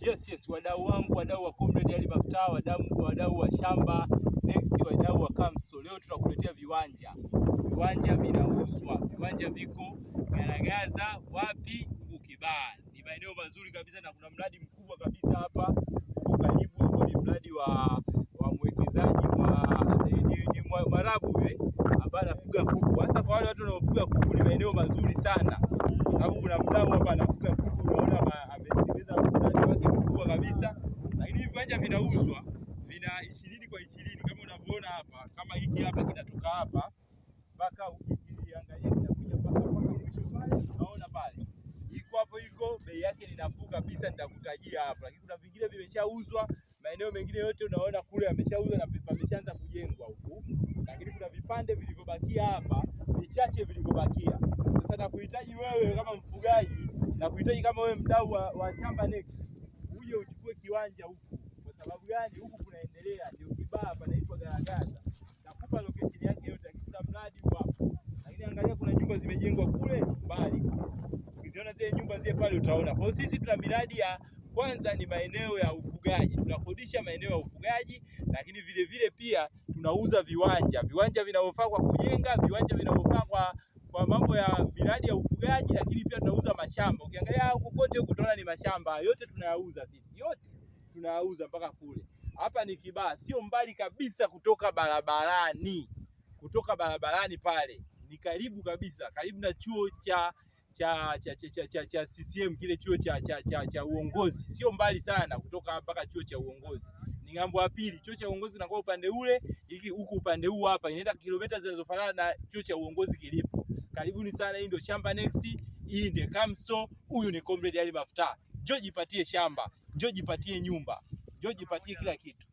Yes, yes, wadau wangu, wadau wa Comrade Ali Maftaha, wadau wa shamba Next, wadau wa Store, leo tunakuletea viwanja. Viwanja vinauzwa, viwanja viko Garagaza, wapi? Ukibaa. Ni maeneo mazuri kabisa na kuna mradi mkubwa kabisa hapa karibu, ambao ni mradi wa wa mwekezaji wa eh, Mwarabu yule ambaye anafuga kuku. Sasa kwa wale watu wanaofuga kuku, ni maeneo mazuri sana, sababu kuna mdau hapa anafuga kuku kabisa, lakini hivi viwanja vinauzwa vina ishirini kwa ishirini kama unavyoona hapa, kama hiki hapa kinatoka hapa mpaka ukiangalia kinakuja mpaka mwisho pale, unaona pale iko hapo, iko bei yake ni nafuu kabisa, nitakutajia hapa, lakini kuna vingine vimeshauzwa maeneo mengine yote unaona kule yameshauzwa na vimeshaanza kujengwa huku, lakini kuna vipande vilivyobakia hapa vichache vilivyobakia. Sasa nakuhitaji wewe kama mfugaji, nakuhitaji kama wewe mdau wa, wa shamba Next uje uchukue kiwanja huku. Kwa sababu gani? Huku kunaendelea ndio kibaa panaitwa Garagaza. Nakupa location yake yote, akisa mradi hapo. Lakini angalia, kuna nyumba zimejengwa kule mbali, ukiziona zile nyumba zile pale utaona. Kwa hiyo sisi tuna miradi ya kwanza ni maeneo ya ufugaji, tunakodisha maeneo ya ufugaji, lakini vile vile pia tunauza viwanja, viwanja vinavyofaa kwa kujenga, viwanja vinavyofaa kwa kwa mambo ya miradi ya ufugaji, lakini pia tunauza mashamba. Ukiangalia kokote huku tunaona ni mashamba yote tunayauza sisi, yote tunayauza mpaka kule. Hapa ni Kibaha, sio mbali kabisa kutoka barabarani, kutoka barabarani pale ni karibu kabisa, karibu na chuo cha cha cha cha, cha, cha, cha CCM kile chuo cha, cha, cha, cha uongozi, sio mbali sana kutoka hapa mpaka chuo cha uongozi ni ng'ambo ya pili. Chuo cha uongozi inakuwa upande ule, hiki huku upande huu hapa, inaenda kilomita zinazofanana na chuo cha uongozi kilipo. Karibuni sana, hii ndio Shamba Next, hii ndio Camsto, huyu ni Comrade Ali Mafta. Njoo jipatie shamba, njoo jipatie nyumba, njoo jipatie kila kitu.